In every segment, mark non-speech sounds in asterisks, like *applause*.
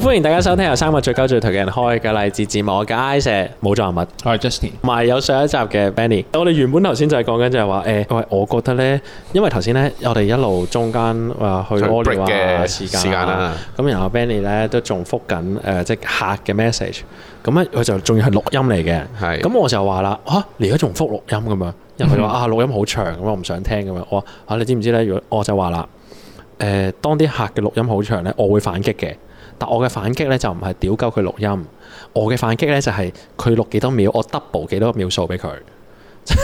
歡迎大家收聽由三個最高最頭嘅人開嘅勵志節目《我嘅 I 射冇障礙物》，係 'm Justin，同埋有上一集嘅 Benny。我哋原本頭先就係講緊就係話，誒、欸，我我覺得咧，因為頭先咧，我哋一路中間啊去 break 嘅時間啦，咁、啊啊、然後 Benny 咧都仲覆緊誒，即客嘅 message。咁咧佢就仲要係錄音嚟嘅，係是。咁我就話啦，吓，而家仲覆錄音咁樣，人哋話啊，錄音好、啊、長咁，我唔想聽咁樣。我啊，你知唔知咧？如果我就話啦，誒、啊，當啲客嘅錄音好長咧，我會反擊嘅。但我嘅反擊咧就唔係屌鳩佢錄音，我嘅反擊咧就係佢錄幾多秒，我 double 幾多秒數俾佢，即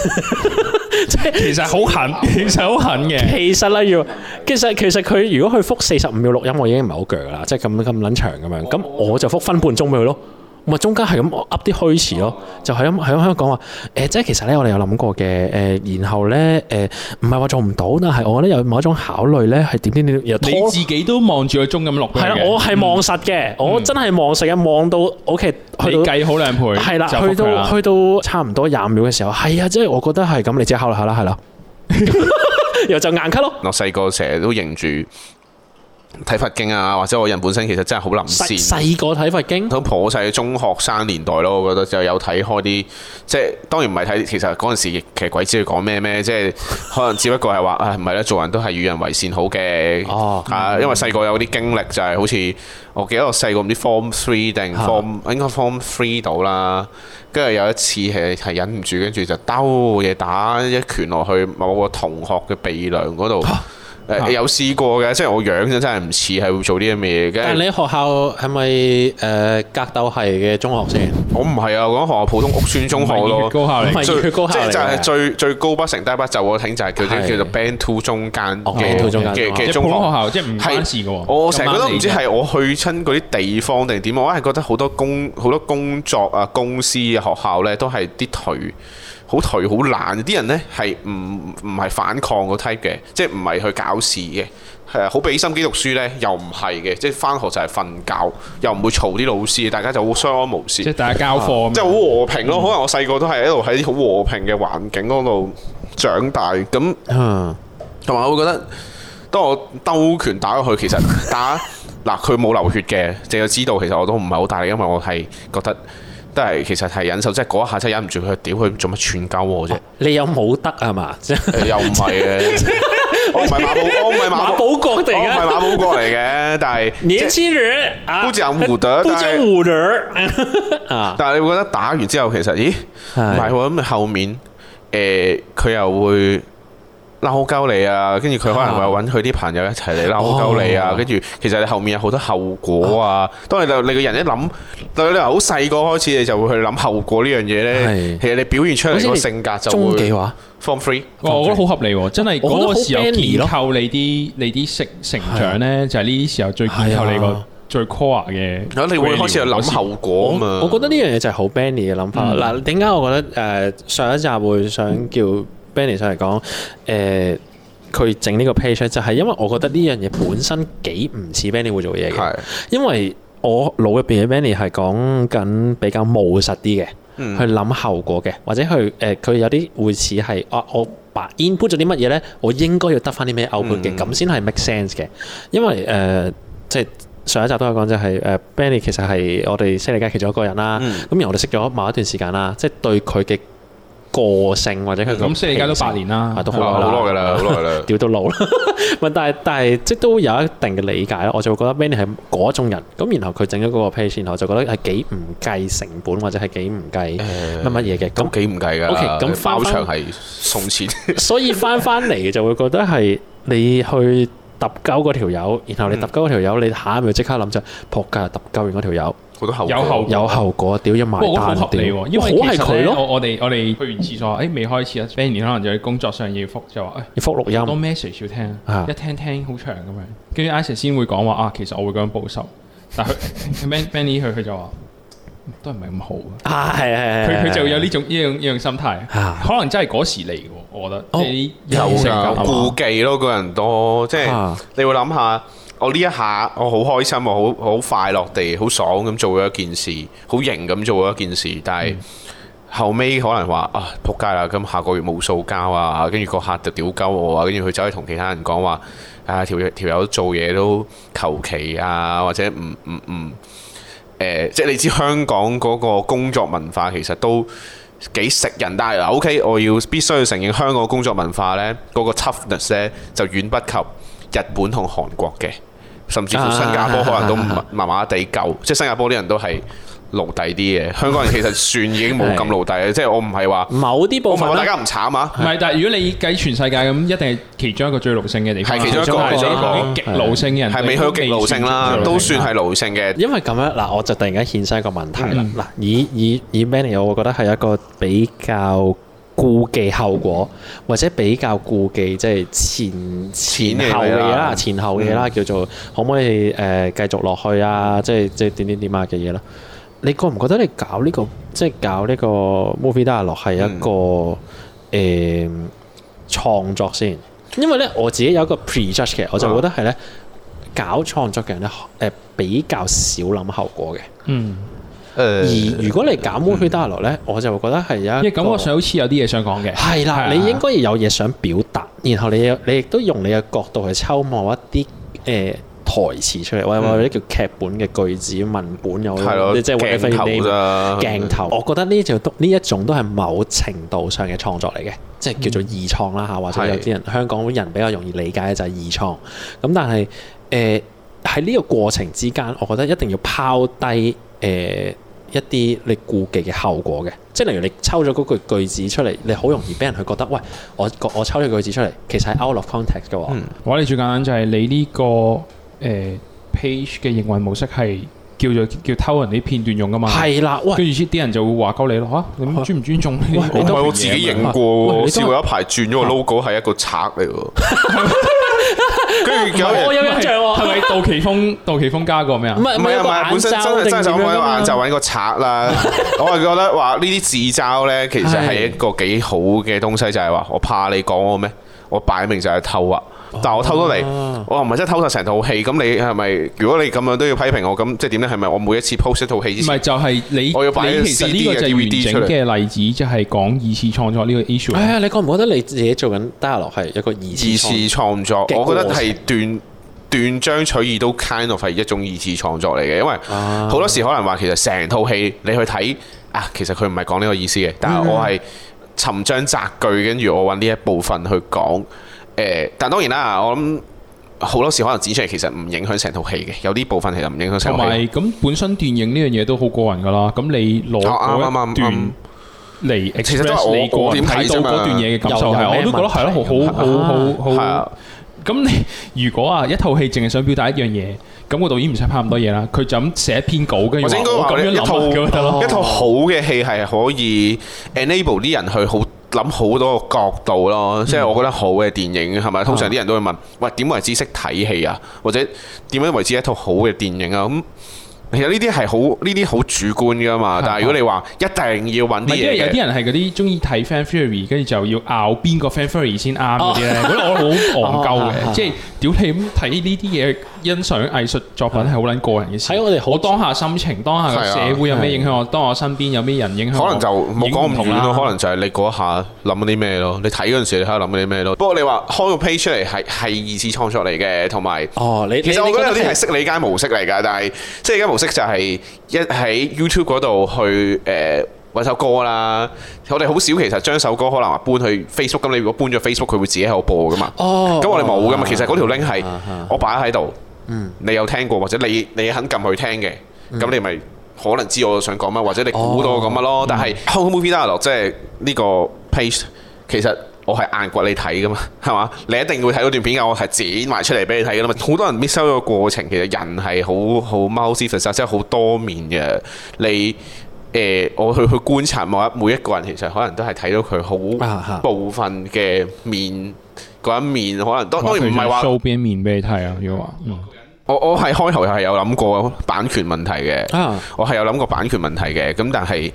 *laughs* 係、 *laughs* 就係、其實好狠，其實好狠嘅。其實啊要，其實其實佢如果去覆四十五秒錄音，我已經唔係好鋸啦，即係咁咁撚長咁樣，咁我就覆分半鐘俾佢咯。唔中間係咁噏啲虛詞咯，就係咁係咁喺度講話誒，即係其實咧我哋有諗過嘅誒，然後咧誒唔係話做唔到，但係我咧有某一種考慮咧係點點點。你自己都望住個鐘咁錄嘅？係啦，我係望實嘅，我真係望成日望到 OK。你計好兩倍。係啦，去到去到差唔多廿秒嘅時候，係啊，即係我覺得係咁，你即係考慮下啦，係啦，然 *laughs* *laughs* 後就硬咳咯。我細個成日都認住。睇佛經啊，或者我人本身其實真係好臨線。細個睇佛經，都普世中學生年代咯，我覺得就有睇開啲，即係當然唔係睇。其實嗰陣時，亦其實鬼知佢講咩咩，即係可能只不過係話，誒唔係咧，做人都係與人為善好嘅。哦，係、嗯、啊，因為細個有啲經歷就係好似我記得我細個唔知 form three 定 form、啊、應該 form three 到啦，跟住有一次係係忍唔住，跟住就兜嘢打一拳落去某個同學嘅鼻梁嗰度。啊誒、嗯、有試過嘅，即係我樣真真係唔似係會做啲咁嘅嘢。但係你學校係咪誒格鬥系嘅中學先？我唔係啊，我講學校普通屋邨中學咯，越 *laughs* 高校就是最嚟，即係就係最最高不成低不就我聽就係叫做叫做 Band Two 中間嘅、嗯、中嘅間中校即，即係唔啱，我成日覺得唔知係我去親嗰啲地方定點，我係覺得好多工好多工作啊公司嘅學校咧都係啲頹。好頹好懶，啲人呢係唔唔係反抗個 type 嘅，即係唔係去搞事嘅，係好俾心機讀書呢，又唔係嘅，即係翻學就係瞓覺，又唔會嘈啲老師，大家就好相安無事。即係大家交貨、啊，即係好和平咯。嗯、可能我細個都係一路喺啲好和平嘅環境嗰度長大，咁同埋我會覺得，當我兜拳打落去，其實打嗱佢冇流血嘅，淨係知道其實我都唔係好大力，因為我係覺得。都係，其實係忍受，即係嗰一下真係忍唔住，佢屌佢做乜串鳩我啫，哦！你有冇得係嘛？ *laughs* 又唔係嘅， *laughs* 我唔係馬保，我唔係馬保國定啊，我唔係馬保國嚟嘅。但係年輕人，都著武德，都著武。但係你會覺得打完之後，其實咦？唔係喎，咁後面誒，佢、呃、又會。鬧鳩你啊，跟住佢可能會揾佢啲朋友一齊嚟鬧鳩你啊，跟住其實你後面有好多後果啊。當你就你個人一諗，當你話好細個開始你就會去諗後果呢樣嘢咧，其實你表現出嚟個性格就會。中記話，form three 我覺得好合理，真係。我覺得好你啲你啲成成長咧，就係呢啲時候最依靠你個最 core 嘅。你會開始去諗後果嘛？我覺得呢樣嘢就係好 annie 嘅諗法。嗱，點解我覺得誒上一集會想叫？Benny 上嚟講，誒佢整呢個 page 就係、是、因為我覺得呢樣嘢本身幾唔似 Benny 會做嘢嘅，的因為我腦入邊嘅 Benny 係講緊比較務實啲嘅，嗯、去諗後果嘅，或者去誒佢有啲會似係啊，我把 input 咗啲乜嘢咧，我應該要得翻啲咩 outcome 嘅，咁先係 make sense 嘅。因為誒，即、呃、係、就是、上一集都有講、就是，就係誒 Benny 其實係我哋、嗯《犀利街》其中一個人啦。咁然後我哋識咗某一段時間啦，即、就、係、是、對佢嘅。個性或者佢咁，咁而家都八年啦，都好耐好耐嘅啦，好耐啦，屌 *laughs* 到老路啦。唔 *laughs* 但係但係即都有一定嘅理解咯。我就會覺得 Manny 係嗰種人咁，然後佢整咗嗰個 page 然後就覺得係幾唔計成本或者係幾唔計乜乜嘢嘅。咁幾唔計㗎。O K，咁包場係送錢。所以翻翻嚟就會覺得係你去揼鳩嗰條友，然後你揼鳩嗰條友，你下一秒即刻諗就仆街揼鳩完嗰條友，有後有後果，屌一萬單屌，因為其實咧，我我哋我哋去完廁所，誒未開始啊，Benny 可能就喺工作上要復，就話誒要復錄音，好多 message 要聽，一聽聽好長咁樣。跟住 Ish 先會講話啊，其實我會咁樣補濕，但佢 Benny 佢佢就話都唔係咁好啊，係係係，佢佢就有呢種呢種呢種心態，可能真係嗰時嚟嘅，我覺得有有顧忌咯，個人多，即係你會諗下。我呢一下我好開心，我好好快樂地、好爽咁做咗一件事，好型咁做咗一件事。但係、嗯、後尾可能話啊，仆街啦！咁下個月冇數交啊，跟住個客就屌鳩我啊，跟住佢走去同其他人講話：啊，條條友做嘢都求其啊，或者唔唔唔誒。即係你知香港嗰個工作文化其實都幾食人，但係 OK，我要必須要承認香港工作文化呢，嗰、嗰個 toughness 咧就遠不及。日本同韓國嘅，甚至乎新加坡可能都麻麻麻地舊，即係新加坡啲人都係奴隸啲嘅。香港人其實算已經冇咁奴隸，即係我唔係話某啲部分，我唔係話大家唔慘啊，唔係。但係如果你計全世界咁，一定係其中一個最奴性嘅地方，係其中一個極奴性嘅人，係未去到極奴性啦，都算係奴性嘅。因為咁樣嗱，我就突然間衍生一個問題啦。嗱，以以以 man 我會覺得係一個比較顧忌後果，或者比較顧忌即係前前後嘅嘢啦，前後嘅嘢啦，嗯、叫做可唔可以誒、呃、繼續落去啊？即係即係點點點啊嘅嘢啦。你覺唔覺得你搞呢、呢個即係搞呢個 movie dialogue 係一個誒、嗯呃、創作先？因為咧我自己有一個 prejudge 嘅，我就覺得係咧搞創作嘅人咧誒比較少諗後果嘅。嗯。而如果你減烏飛大落咧，我就覺得係有一個，因為感覺上好似有啲嘢想講嘅。係啦，你應該要有嘢想表達，然後你你亦都用你嘅角度去抽磨一啲誒台詞出嚟，或者或者叫劇本嘅句子文本有，係咯，即係揾翻啲鏡頭。鏡頭，我覺得呢就呢一種都係某程度上嘅創作嚟嘅，即係叫做二創啦嚇。或者有啲人香港人比較容易理解嘅就係二創。咁但係誒喺呢個過程之間，我覺得一定要拋低誒，一啲你顧忌嘅效果嘅，即係例如你抽咗嗰句句子出嚟，你好容易俾人去覺得，喂，我我抽咗句子出嚟，其實係 out of context 嘅我、啊嗯、話你最簡單就係你呢、呢個誒、呃、page 嘅營運模式係叫做叫做偷人啲片段用㗎嘛。係啦，跟住啲人就會話鳩你咯嚇、啊，你尊唔尊重？我係、啊、我自己影過，啊、我試過一排轉咗個 logo 係一個賊嚟喎。 *laughs* 跟 *laughs* 住有冇印象？係咪杜琪峰？杜琪 *laughs* 峰加過咩啊？唔係唔係啊，唔係 *laughs* 本身真係真係就咁樣話就搵個賊啦。 *laughs* *laughs* 我係覺得話呢啲自嘲咧，其實係一個幾好嘅東西，就係、是、話我怕你講我咩？我擺明就係偷啊！但我偷到嚟，哦、我唔係真係偷晒成套戲。咁你係咪？如果你咁樣都要批評我，咁即係點呢？係咪我每一次 post 一套戲？唔係就係、是、你，我要你其實呢個就係完整嘅例子，就係講二次創作呢個 issue、哎。你覺唔覺得你自己做緊 Dialogue 係一個二次創作？二次創作，我覺得係斷斷章取義都 kind of 係一種二次創作嚟嘅，因為好多時可能話其實成套戲你去睇啊，其實佢唔係講呢個意思嘅。但係我係尋章摘句，跟住我搵呢一部分去講。誒，但當然啦，我諗好多時可能剪出嚟其實唔影響成套戲嘅，有啲部分其實唔影響成套戲。同埋咁本身電影呢樣嘢都好過人㗎啦，咁你攞嗰段嚟，其實都我點睇到嗰段嘢嘅感受係，我都覺得係咯，好好好好。係啊，咁你如果啊一套戲淨係想表達一樣嘢，咁個導演唔使拍咁多嘢啦，佢就咁寫一篇稿，跟住我咁樣諗，一套好嘅戲係可以 enable 啲人去好。諗好多個角度咯，即係我覺得好嘅電影係咪、嗯？通常啲人都會問：嗯、喂，點樣為之識睇戲啊？或者點樣為之一套好嘅電影啊？咁其實呢啲係好呢啲好主觀噶嘛，但係如果你話一定要揾啲嘢，有啲人係嗰啲中意睇 fan theory 跟住就要拗邊個 fan theory 先啱嗰啲咧。咁我好戇鳩嘅，即係屌你咁睇呢啲嘢，欣賞藝術作品係好撚個人嘅事。睇我哋好當下心情，當下社會有咩影響我，當我身邊有咩人影響我。可能就冇講唔同咯，可能就係你嗰下諗啲咩咯。你睇嗰陣時，你喺度諗啲咩咯？不過你話開個 page 出嚟係係二次創作嚟嘅，同埋哦，其實我覺得有啲係識理解模式嚟嘅，但係即係而家。模式就係一喺 YouTube 嗰度去誒揾、呃、首歌啦。我哋好少其實將首歌可能話搬去 Facebook。咁你如果搬咗 Facebook，佢會自己喺度播噶嘛？哦。咁我哋冇噶嘛。哇其實嗰條 link 係、啊啊、我擺喺度。嗯、你有聽過或者你你肯撳去聽嘅，咁你咪可能知我想講乜，或者你估、嗯、到我講乜咯。哦嗯、但係 HK Movie Dialogue 即係呢個 page 其實。我係硬掘你睇噶嘛，係嘛？你一定會睇到段片噶，我係剪埋出嚟俾你睇噶嘛。好多人 miss 收咗個過程，其實人係好好 multiverse 即係好多面嘅。你誒、呃，我去去觀察每一每一個人，其實可能都係睇到佢好部分嘅面嗰、啊、一面，可能當當然唔係話收邊面俾你睇啊。如果話，我我係開頭又係有諗過版權問題嘅，啊、我係有諗過版權問題嘅，咁但係。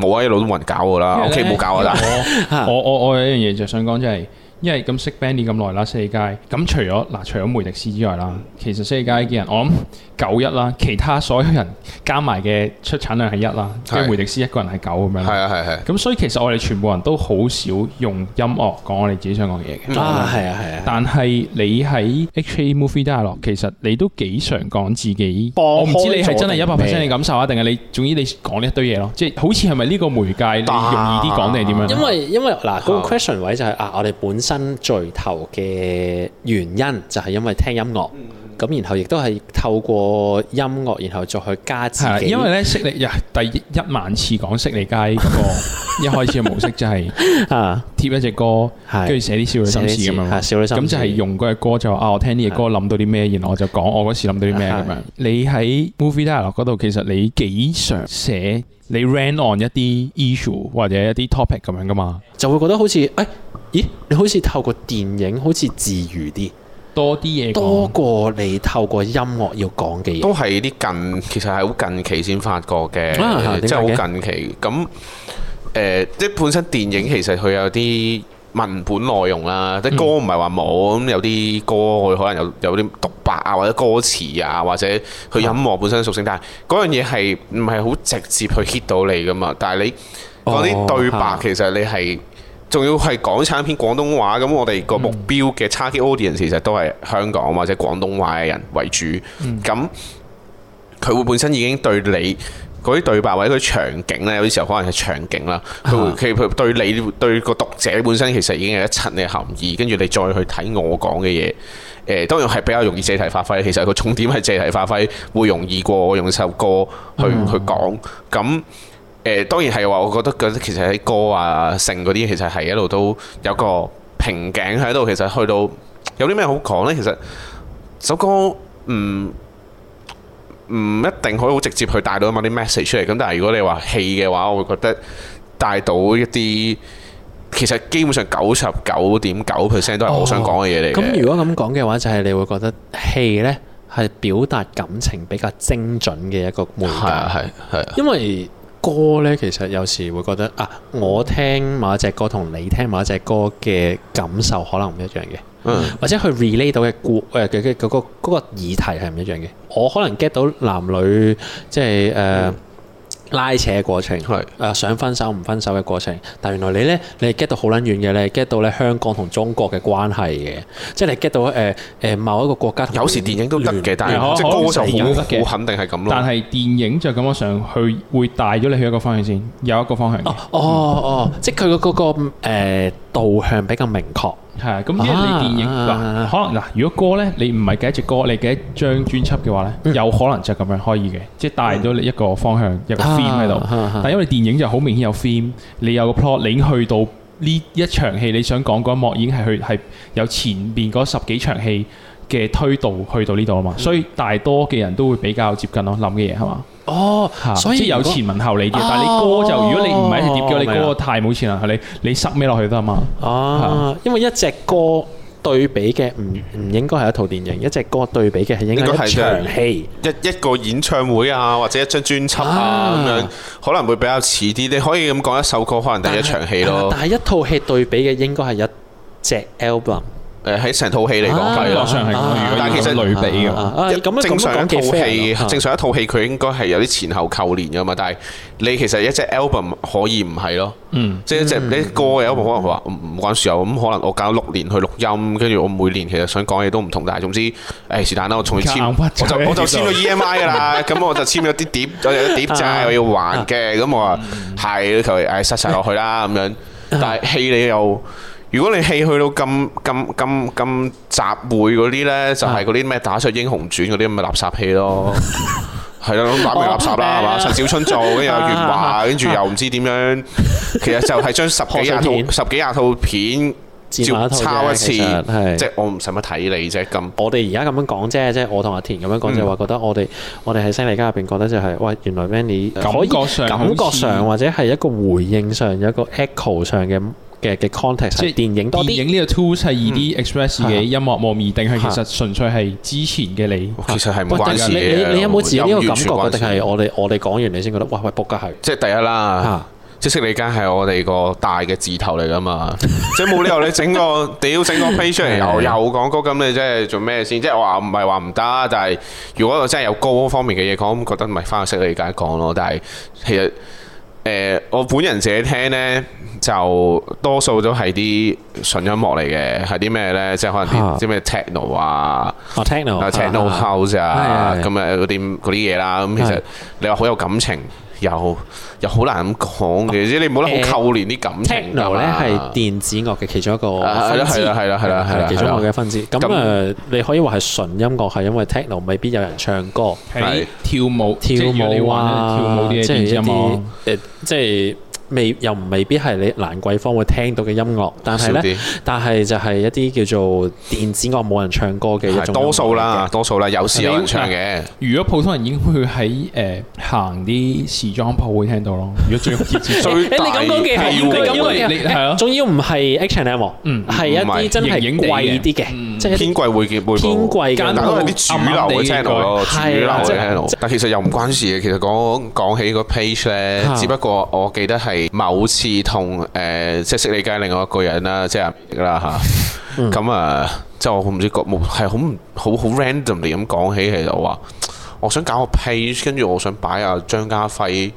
冇啊，一路都冇人搞㗎啦，OK，冇搞㗎咋。我我我有一樣嘢就想講，就係、是。因為咁識 Benny 咁耐啦，四街咁除咗嗱，除咗梅迪斯之外啦，其實四街嘅人我諗九一啦，其他所有人加埋嘅出產量係一啦，即係梅迪斯一個人係九咁樣。係啊係係。咁所以其實我哋全部人都好少用音樂講我哋自己想講嘅嘢嘅。啊係啊係啊。但係你喺 HK Movie Dialogue 其實你都幾常講自己，我唔知你係真係一百 percent 嘅感受啊，定係你總之你講呢一堆嘢咯，即係好似係咪呢個媒介容易啲講定係點樣？因為因為嗱個 question 位就係啊，我哋本身。新聚頭嘅原因就係，是，因為聽音樂，咁然後亦都係透過音樂，然後再去加自己因為咧，識你第一,一萬次講識你街，街，個一開始嘅模式就係啊，貼一隻歌，跟住的寫啲少女心事咁樣，事咁就係用嗰隻歌就啊，我聽呢隻歌諗到啲咩，然後我就講我嗰時諗到啲咩咁樣。的你喺 Movie Dialogue 度，其實你幾常寫你 ran on 一啲 issue 或者一啲 topic 咁樣噶嘛，就會覺得好似誒。哎咦，你好似透過電影好似自如啲多啲嘢，多過你透過音樂要講嘅嘢。都係啲近，其實係好近期先發覺嘅，啊啊、即係好近期。咁誒、呃，即係本身電影其實佢有啲文本內容啦，嗯、即歌唔係話冇咁，有啲歌佢可能有有啲獨白啊，或者歌詞啊，或者佢音樂本身屬性。嗯、但係嗰樣嘢係唔係好直接去 hit 到你㗎嘛？但係你嗰啲、哦、對白其實你係。仲要係港產片廣東話，咁我哋個目標嘅差機 Audience 其實都係香港或者廣東話嘅人為主，咁佢、嗯、會本身已經對你嗰啲對白或者佢啲場景呢，有啲時候可能係場景啦。佢佢對你對個讀者本身其實已經有一層嘅含義，跟住你再去睇我講嘅嘢，誒、呃、當然係比較容易借題發揮。其實個重點係借題發揮會容易過我用一首歌去、嗯、去講咁。誒，當然係話，我覺得嗰啲其實喺歌啊、性嗰啲，其實係一路都有個瓶頸喺度。其實去到有啲咩好講呢？其實首歌唔唔一定可以好直接去帶到某啲 message 出嚟。咁但係如果你話戲嘅話，我會覺得帶到一啲，其實基本上九十九點九 percent 都係我想講嘅嘢嚟。咁如果咁講嘅話，就係你會覺得戲呢係表達感情比較精準嘅一個媒介，係係係，因為。歌咧，其實有時會覺得啊，我聽某一隻歌同你聽某一隻歌嘅感受可能唔一樣嘅，嗯、或者佢 relate 到嘅故誒嘅嘅嗰個嗰、嗰個嗰個議題係唔一樣嘅。我可能 get 到男女即係誒。Uh, 嗯拉扯過程係誒是想分手唔分手嘅過程，但原來你咧，你係 get 到好撚遠嘅。你咧，get 到咧香港同中國嘅關係嘅，即係你 get 到誒誒、呃呃、某一個國家。有時電影都得嘅，但、嗯哦、即係高就好得嘅，好有肯定係咁咯。但係電影就咁樣上去會帶咗你去一個方向先，有一個方向哦。哦、嗯、哦哦，即係佢、那個嗰、呃導向比較明確係啊，咁你電影嗱，可能嗱，如果歌咧，你唔係嘅一隻歌，你嘅一張專輯嘅話咧，有可能就咁樣可以嘅，即係帶咗你一個方向一個 theme 喺度。但係因為電影就好明顯有 theme，你有個 plot，你已經去到呢一場戲，你想講嗰一幕已經係去係有前邊嗰十幾場戲嘅推導去到呢度啊嘛，所以大多嘅人都會比較接近咯諗嘅嘢係嘛。哦，所以有前文後理嘅，但係你歌就，啊、如果你唔係一隻碟，啊、你歌太冇前文後理，啊，你塞咩落去得啊嘛？哦嗎，因為一隻歌對比嘅唔唔應該係一套電影，一隻歌對比嘅係應該係場戲，一一個演唱會啊，或者一張專輯啊咁樣，啊、可能會比較似啲。你可以咁講一首歌，可能第一場戲咯。但係一套戲對比嘅應該係一隻 album。誒，喺成套戲嚟講，理論上係，但係其實類比嘅。咁正常一套戲，正常一套戲佢應該係有啲前後扣連嘅嘛。但係你其實一隻 album 可以唔係咯，即係一隻你個 album 可能話唔唔關事啊。咁可能我搞六年去錄音，跟住我每年其實想講嘢都唔同，但係總之誒是但啦，我重要簽，我就我就簽咗 EMI 噶啦。咁我就簽咗啲碟，我有碟債我要還嘅。咁我話係佢誒，塞晒落去啦咁樣。但係戲你又。如果你戲去到咁咁咁咁集會嗰啲咧，就係嗰啲咩打出英雄傳嗰啲，咁嘅垃圾戲咯。係啦，揼完垃圾啦，係嘛？陳小春做，跟住阿袁華，跟住又唔知點樣。其實就係將十幾廿套十幾廿套片照抄一次。即係我唔使乜睇你啫咁。我哋而家咁樣講啫，即係我同阿田咁樣講就係話覺得我哋我哋喺新麗家入邊覺得就係喂，原來 Vani 感覺上感覺上或者係一個回應上有一個 echo 上嘅。嘅嘅 context 即係電影，電影呢個 tools 係 2D express 嘅音樂冇而定係，佢其實純粹係之前嘅你。其實係冇關事嘅。你有冇自己呢個感覺？定係我哋我哋講完你先覺得，喂喂 book 家係。即係第一啦。即係識你家係我哋個大嘅字頭嚟㗎嘛。即係冇理由你整個屌整個 page 出嚟又又講歌，咁你即係做咩先？即係話唔係話唔得，但係如果真係有歌方面嘅嘢，我覺得唔係翻識你家講咯。但係其實。誒、呃，我本人自己聽咧，就多數都係啲純音樂嚟嘅，係啲咩咧？即係可能啲唔知咩 techno 啊、oh，techno 啊、uh, techno house、uh, 啊，咁誒嗰啲嗰啲嘢啦。咁其實你話好有感情。有，又好難咁講其實，即係你冇得好扣連啲感情。Techno 咧係電子樂嘅其中一個分支，係啦，係啦，係啦，係啦，係啦，其中一個嘅分支。咁誒，你可以話係純音樂，係因為 Techno 未必有人唱歌，係跳舞，跳舞啊，跳舞啲嘢啫嘛，誒，即係。未又唔未必係你蘭桂坊會聽到嘅音樂，但係咧，但係就係一啲叫做電子樂冇人唱歌嘅一種，多數啦，多數啦，有時有人唱嘅。如果普通人已經會喺誒行啲時裝鋪會聽到咯。如果最直接，你咁講嘅係，因為你係啊，仲要唔係 H&M 呢？嗯，係一啲真係矜貴啲嘅，即係偏貴會會偏貴，啲主流嘅聽眾，但其實又唔關事嘅。其實講講起個 page 咧，只不過我記得係。某次同誒、呃、即係識你嘅另外一個人啦，即係啦吓咁啊、 *laughs* 嗯、即係我唔知個目係好好好 randomly 咁講起，其實我話我想搞個 page，跟住我想擺阿張家輝。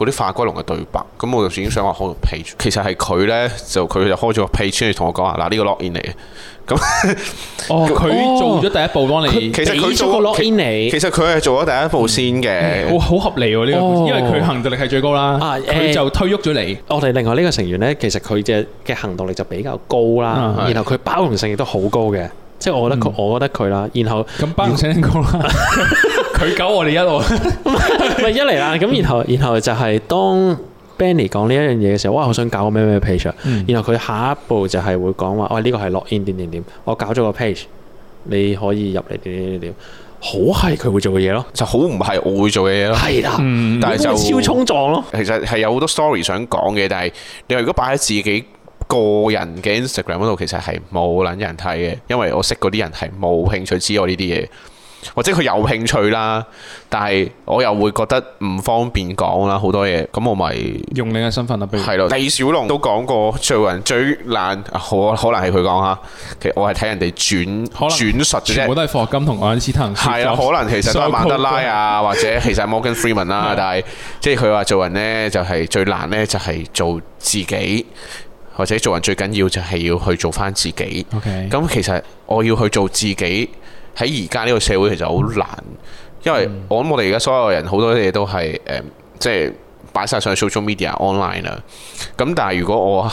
嗰啲化骨龍嘅對白，咁我就已經想話開個 page，其實係佢咧，就佢就開咗個 page 出嚟同我講啊，嗱、這、呢個 lock in 嚟、嗯、嘅，咁佢、哦、做咗第一步幫你，其實佢做、哦、lock in 嚟，其實佢係做咗第一步先嘅，好、嗯嗯嗯、合理喎呢個，哦、因為佢行動力係最高啦，佢、啊欸、就推喐咗你。我哋另外呢個成員咧，其實佢嘅嘅行動力就比較高啦，然後佢、嗯、包容性亦都好高嘅，即係我覺得佢，我覺得佢啦，然後咁包容性高啦。佢搞我哋一路咪 *laughs* *laughs* 一嚟啦，咁然後然後就係當 Benny 講呢一樣嘢嘅時候，哇！我想搞個咩咩 page 然後佢下一步就係會講話，哇！呢、這個係落 in 點點點，我搞咗個 page，你可以入嚟點，點點點，好係佢會做嘅嘢咯，就好唔係我會做嘅嘢咯，係啦的，嗯、但係就會會超衝撞咯。其實係有好多 story 想講嘅，但係你話如果擺喺自己個人嘅 Instagram 嗰度，其實係冇卵人睇嘅，因為我識嗰啲人係冇興趣知我呢啲嘢。或者佢有興趣啦，但係我又會覺得唔方便講啦，好多嘢，咁我咪用你嘅身份啦。係咯，李小龍都講過做人最難，可可能係佢講吓。其實我係睇人哋轉轉述啫，全部都係霍金同愛因斯坦。係啊，可能其實都係曼德拉啊，或者其實係摩根弗里曼啦，但係即係佢話做人呢，就係最難呢，就係做自己，或者做人最緊要就係要去做返自己。OK，咁其實我要去做自己。喺而家呢個社會其實好難，因為我諗我哋而家所有人好多嘢都係誒、嗯，即係擺晒上 social media online 啦。咁但係如果我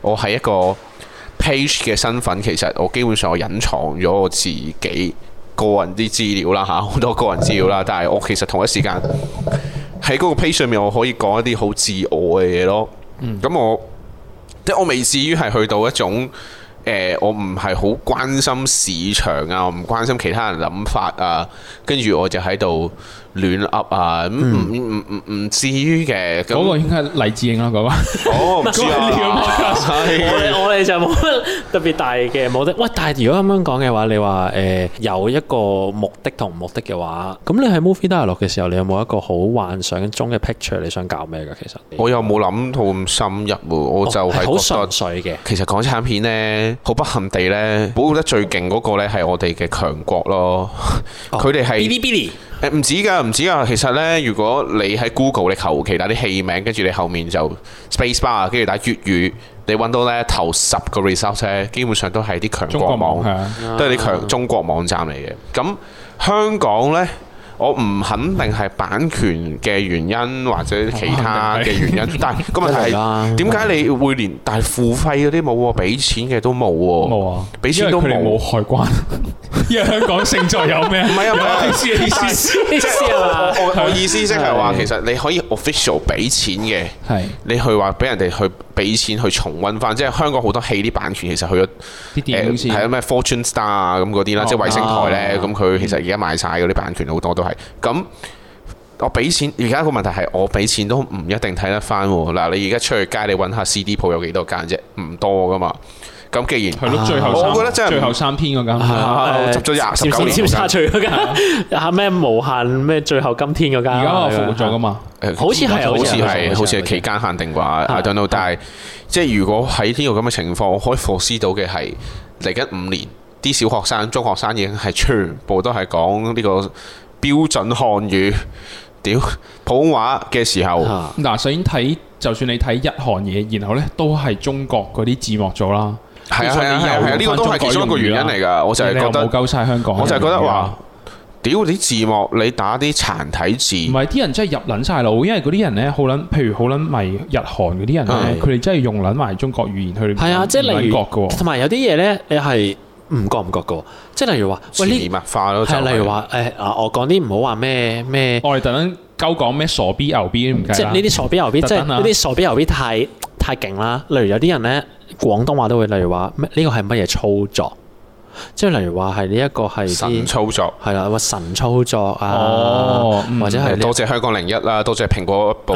我係一個 page 嘅身份，其實我基本上我隱藏咗我自己個人啲資料啦嚇，好多個人資料啦。但係我其實同一時間喺嗰個 page 上面，我可以講一啲好自我嘅嘢咯。咁、嗯、我即係我未至於係去到一種。誒、欸，我唔係好關心市場啊，我唔關心其他人諗法啊，跟住我就喺度亂噏啊，咁唔唔唔唔至於嘅，嗰個應該係黎志英啦，嗰、那個。我哋就冇乜特別大嘅目的。喂， *laughs* 但係如果咁樣講嘅話，你話誒、呃、有一個目的同目的嘅話，咁你喺 Movie Dialogue 嘅時候，你有冇一個好幻想中嘅 picture？你想搞咩㗎？其實我又冇諗到咁深入，我就係好、哦、純粹嘅。其實港產片咧。好不幸地呢，保護得最勁嗰個呢係我哋嘅強國咯。佢哋係，唔 Billy 欸，唔止㗎，唔止㗎。其實呢，如果你喺 Google 你求其打啲戲名，跟住你後面就 Spacebar，跟住打粵語，你揾到呢頭十個 result 咧，基本上都係啲強國網，國網都係啲強 Yeah. 中國網站嚟嘅。咁香港呢？我唔肯定係版權嘅原因或者其他嘅原因，但係個問題係點解你會連但係付費嗰啲冇喎，俾錢嘅都冇喎。冇啊，俾錢都冇。因為佢哋冇海關，因為香港勝在有咩？唔係啊，唔係意思，意思我意思即係話，其實你可以 official 俾錢嘅，係你去話俾人哋去。俾錢去重溫翻，即係香港好多戲啲版權其實去咗，啲電視係啊咩、呃、Fortune Star 啊咁嗰啲啦，哦、即係衛星台咧，咁佢、啊、其實而家賣晒嗰啲版權好多都係。咁我俾錢，而家個問題係我俾錢都唔一定睇得翻喎。嗱、啊，你而家出去街，你揾下 CD 鋪有幾多間啫？唔多噶嘛。咁既然係咯，最後我覺得真係最後三篇嗰間，執咗廿十九年嘅。少除。偏差最嗰咩無限咩最後今天嗰間，而家我復活咗噶嘛？好似係，好似係，好似係期間限定啩。但係即係如果喺呢個咁嘅情況，我可以反思到嘅係嚟緊五年啲小學生、中學生已經係全部都係講呢個標準漢語，屌普通話嘅時候。嗱，首先睇，就算你睇日韓嘢，然後咧都係中國嗰啲字幕組啦。係啊，係啊呢個都係其中一個原因嚟㗎。我就係覺得冇鳩晒香港。我就係覺得話屌啲字幕，你打啲殘體字，唔係啲人真係入撚晒腦。因為嗰啲人咧，好撚，譬如好撚迷日韓嗰啲人佢哋、啊、真係用撚埋中國語言去，係啊，即係你國嘅。同埋有啲嘢咧，你係唔覺唔覺嘅。即係、就是啊、例如話，全面化咯，係例如話，誒啊，我講啲唔好話咩咩，我哋等陣鳩講咩傻逼牛逼，唔即係呢啲傻逼牛逼，即係啲傻逼牛逼太。太勁啦！例如有啲人咧，廣東話都會，例如話咩呢個係乜嘢操作？即係例如話係呢一個係神操作，係啦，話神操作啊，或者係多謝香港零一啦，多謝蘋果部，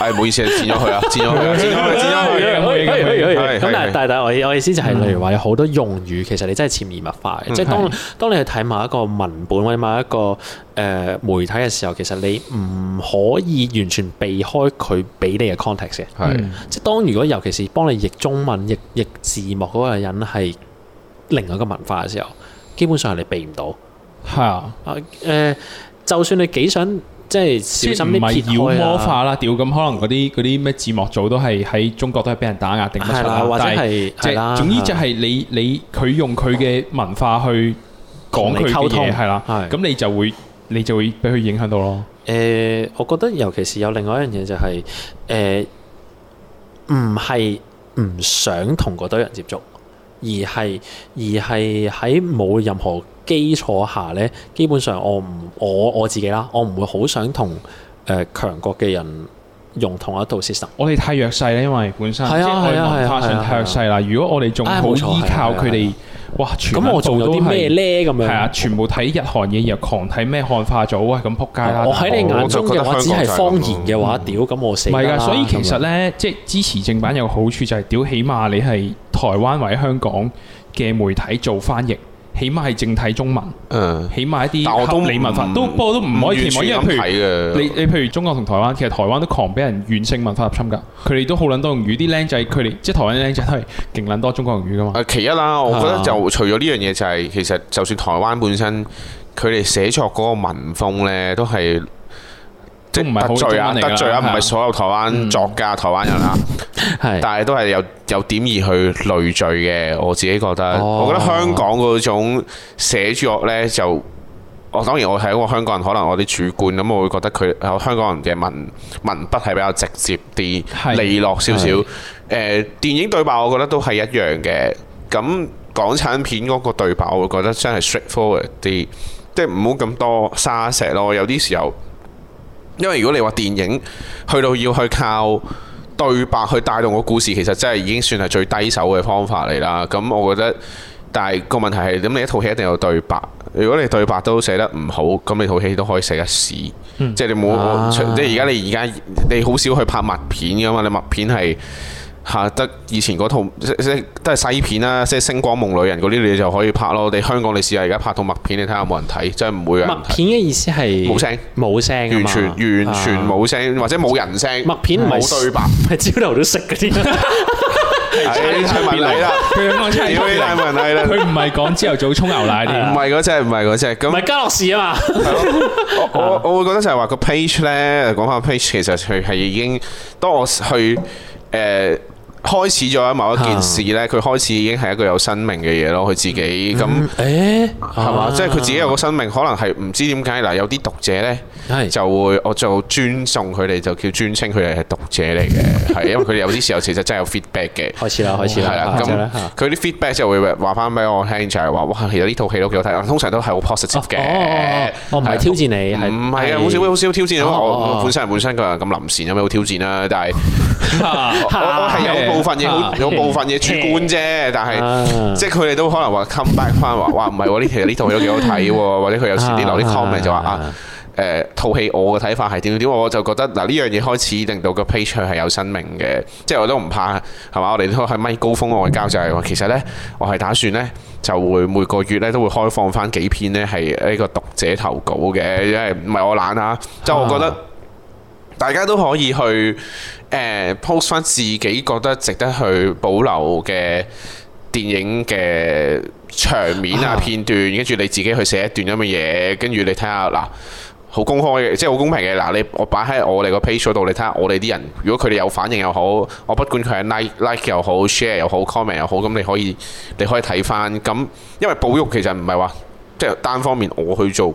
哎，唔好意思，剪咗佢啊，剪咗佢，剪咗佢，剪咗佢，咁但係但係我我意思就係，例如話有好多用語，其實你真係潛移默化嘅，即係當當你去睇某一個文本或者某一個誒媒體嘅時候，其實你唔可以完全避開佢俾你嘅 context 嘅，係，即係當如果尤其是幫你譯中文譯譯字幕嗰個人係。另外一個文化嘅時候，基本上係你避唔到。係啊，誒、呃，就算你幾想即係調小心啲妖魔化啦、啦屌、啊！咁可能嗰啲啲咩字幕組都係喺中國都係俾人打壓定唔出啊。或者係即係總之就係你你佢用佢嘅文化去講佢嘅嘢，係啦、啊，係咁你就會你就會俾佢影響到咯。誒、啊，我覺得尤其是有另外一樣嘢就係、是、誒，唔係唔想同嗰堆人接觸。而係而係喺冇任何基礎下呢，基本上我唔我我自己啦，我唔會好想同誒強國嘅人用同一套 system。我哋太弱勢咧，因為本身即係文化上太弱勢啦。如果我哋仲冇依靠佢哋，哇！咁我做到啲咩咧？咁樣係啊，全部睇日韓嘢，又狂睇咩漢化組，哇！咁撲街啦！我喺你眼中嘅話，只係方言嘅話，屌咁我死。唔係㗎，所以其實呢，即係支持正版有好處，就係屌，起碼你係。台灣或者香港嘅媒體做翻譯，起碼係正體中文，嗯、起碼一啲合理文法，都不過都唔可以完全咁睇嘅。你你譬如中國同台灣，其實台灣都狂俾人軟性文化入侵㗎，佢哋都好撚多用語，啲僆仔佢哋即係台灣啲僆仔都係勁撚多中國用語㗎嘛。其一啦，我覺得就除咗呢樣嘢，就係其實就算台灣本身，佢哋寫作嗰個文風呢，都係。即唔得罪啊，得罪啊，唔係所有台灣作家、嗯、台灣人啊 *laughs* 是 但，但係都係有有點而去累贅嘅。我自己覺得，哦、我覺得香港嗰種寫作呢，就，哦、我當然我係一個香港人，可能我啲主觀咁，我會覺得佢香港人嘅文文筆係比較直接啲，是的 利落少少。誒，電影對白我覺得都係一樣嘅。咁港產片嗰個對白，我覺得真係 straightforward 啲，即係唔好咁多沙石咯。有啲時候。因為如果你話電影去到要去靠對白去帶動個故事，其實真係已經算係最低手嘅方法嚟啦。咁、嗯、我覺得，但係個問題係咁，你一套戲一定有對白，如果你對白都寫得唔好，咁你套戲都可以寫得屎。嗯、即係你冇，啊、即係而家你而家你好少去拍默片嘅嘛？你默片係。嚇得以前嗰套即即都係西片啦，即星光夢裡人嗰啲你就可以拍咯。我哋香港你試下而家拍套默片，你睇下冇人睇，真係唔會啊！默片嘅意思係冇聲，冇聲完，完全完全冇聲，或者冇人聲。默片唔係對白，係朝頭都食嗰啲。別嚟啦！佢唔係講朝頭早沖牛奶啲唔係嗰隻，唔係嗰隻。咁係家樂氏啊嘛。 *laughs* 我我會覺得就係話個 page 咧，講返 page 其實佢係已經當我去誒。呃開始咗某一件事咧，佢開始已經係一個有生命嘅嘢咯，佢自己咁，係嘛？即係佢自己有個生命，可能係唔知點解嗱，有啲讀者咧就會我就尊崇佢哋，就叫尊稱佢哋係讀者嚟嘅，係因為佢哋有啲時候其實真係有 feedback 嘅。開始啦，開始啦，咁佢啲 feedback 就會話翻俾我聽就係話，哇，其實呢套戲都幾好睇，通常都係好 positive 嘅。我唔係挑戰你，唔係啊？好少好少挑戰，本身本身個人咁臨時有咩好挑戰啦，但係係有。部分嘢好有部分嘢主觀啫，但係、啊、即係佢哋都可能話 come back 翻話、啊，哇唔係喎呢期呢套都幾好睇喎，或者佢有時啲留啲 comment 就話啊誒套戲我嘅睇法係點點，我就覺得嗱呢、啊、樣嘢開始令到個 page 係有生命嘅，即係我都唔怕係嘛，我哋都係咪高峰外交就係、是、話其實呢，我係打算呢，就會每個月呢都會開放翻幾篇呢係呢個讀者投稿嘅，因為唔係我懶啊，即係我覺得。大家都可以去誒、uh, post 翻自己覺得值得去保留嘅電影嘅場面啊片段，跟住、啊、你自己去寫一段咁嘅嘢，跟住你睇下嗱，好公開嘅，即係好公平嘅嗱，你我擺喺我哋個 page 度，你睇下我哋啲人，如果佢哋有反應又好，我不管佢係 like like 又好，share 又好，comment 又好，咁你可以你可以睇翻，咁因為保育其實唔係話即係單方面我去做。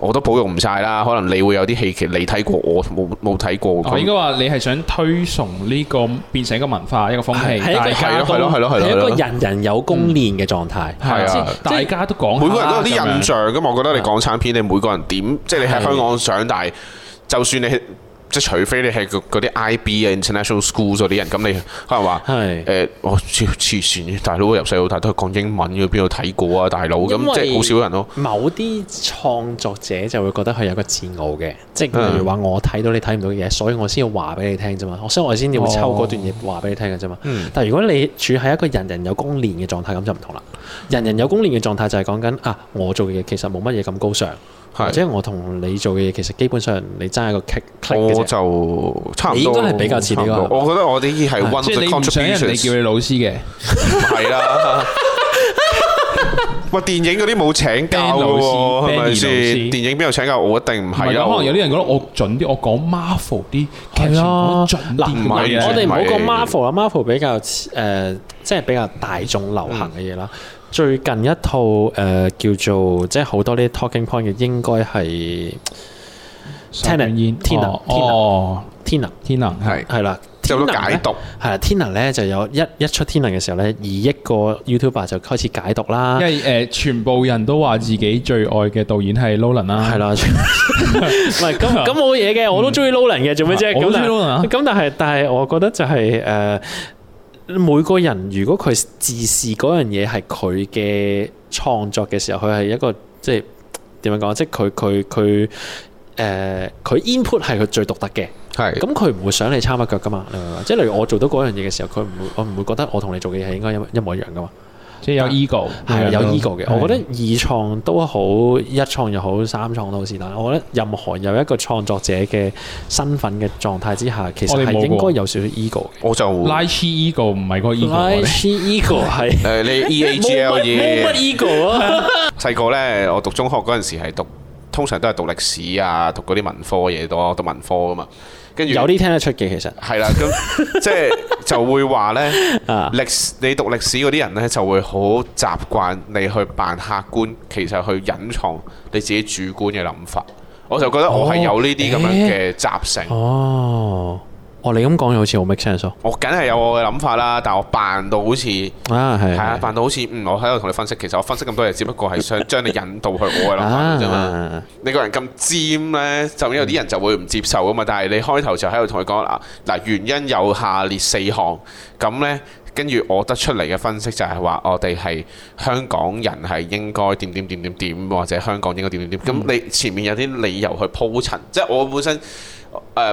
我都保育唔晒啦，可能你會有啲戲劇你睇過，我冇，冇睇過。我應該話你係想推崇呢個變成一個文化、一個風氣，係一係咯係咯，係咯，係咯，一個人人有功練嘅狀態。係啊，大家都講，每個人都有啲印象㗎嘛。我覺得你港產片，你每個人點，即係你喺香港上大，就算你。即除非你係嗰啲 IB 啊、International Schools 嗰啲人，咁你係嘛？係誒是，我黐黐大佬，由細到大都係講英文，佢邊度睇過啊？大佬咁，因為 即係好少人咯。某啲創作者就會覺得佢有個自傲嘅，即係例如話我睇到你睇唔到嘅嘢，所以我先要話俾你聽啫嘛。所以我先要抽嗰段嘢話俾你聽嘅啫嘛。哦、但係如果你處喺一個人人有功練嘅狀態，咁就唔同啦。人人有功練嘅狀態就係講緊啊，我做嘅嘢其實冇乜嘢咁高尚。係，即係我同你做嘅嘢，其實基本上你爭一個 kick，我就差唔多，應該係比較似呢個。我覺得我哋係溫習，因為你叫你老師嘅，唔係啦。喂，電影嗰啲冇請教噶喎，係咪先？電影邊度請教？我一定唔係咯。可能有啲人覺得我準啲，我講 Marvel 啲係咯準。我哋唔好講 Marvel 啦，Marvel 比較誒，即係比較大眾流行嘅嘢啦。最近一套誒、呃、叫做即係好多啲 talking point 嘅，應該係天能、哦、天能天能、嗯、天能係係啦，有好多解讀係啦。天能咧、嗯、就有一一出天能嘅時候咧，二億個 YouTuber 就開始解讀啦。因為誒、呃、全部人都話自己最愛嘅導演係 Nolan 啦、啊，係啦、啊，唔咁咁冇嘢嘅，我都中意 Nolan 嘅，做咩啫？咁但係咁但係，但係我覺得就係、是、誒。呃每個人如果佢自視嗰樣嘢係佢嘅創作嘅時候，佢係一個即係點樣講？即係佢佢佢誒佢 input 係佢最獨特嘅。係咁是，佢唔會想你插一腳噶嘛？你明唔明？即係例如我做到嗰樣嘢嘅時候，佢唔會我唔會覺得我同你做嘅嘢係應該一一模一樣噶嘛？即係有 ego，係對有 ego 嘅。我覺得二創都好，一創又好，三創都好先。但我覺得任何有一個創作者嘅身份嘅狀態之下，其實係應該有少少 ego。我，我就 like ego 唔係嗰個 ego、like e 們。like ego 係，誒是 *laughs* 你 EAGLE 嘢乜、欸、ego 啊？細個咧，我讀中學嗰陣時係讀，通常都係讀歷史啊，讀嗰啲文科嘢多，讀文科㗎嘛。跟住有啲聽得出嘅，其實係啦，咁 *laughs* 即係就會話呢， *laughs* 歷史你讀歷史嗰啲人呢，就會好習慣你去扮客觀，其實去隱藏你自己主觀嘅諗法。我就覺得我係有呢啲咁樣嘅習性。哦欸哦哦，你咁講又好似好 make sense 喎！我梗係有我嘅諗法啦，但係我扮到好似啊，係係啊，扮到好似嗯，我喺度同你分析，其實我分析咁多嘢，只不過係想將你引導去我嘅諗法啫嘛。啊、你個人咁尖咧，就因為啲人就會唔接受㗎嘛。但係你開頭就喺度同佢講嗱嗱，原因有下列四項，咁咧。跟住我得出嚟嘅分析就係話，我哋係香港人係應該點點點點點，或者香港應該點點點。咁你前面有啲理由去鋪陳，即係我本身誒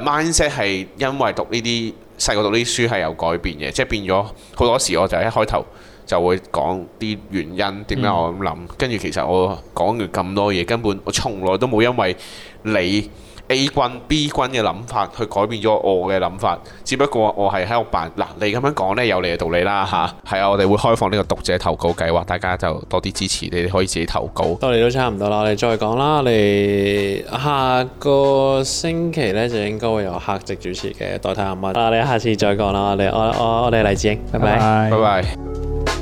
mindset 係因為讀呢啲細個讀呢啲書係有改變嘅，即係變咗好多時，我就一開頭就會講啲原因點解我咁諗。跟住、嗯、其實我講完咁多嘢，根本我從來都冇因為你。A 君、B 君嘅諗法，去改變咗我嘅諗法。只不過我係喺度扮。嗱，你咁樣講呢，有你嘅道理啦吓，係啊，啊，我哋會開放呢個讀者投稿計劃，大家就多啲支持你。你哋可以自己投稿。我哋都差唔多啦，我哋再講啦。我哋下個星期呢，就應該會由客席主持嘅，代替阿乜。啊，你下次再講啦。我哋我我哋勵志鷹，拜拜。拜拜。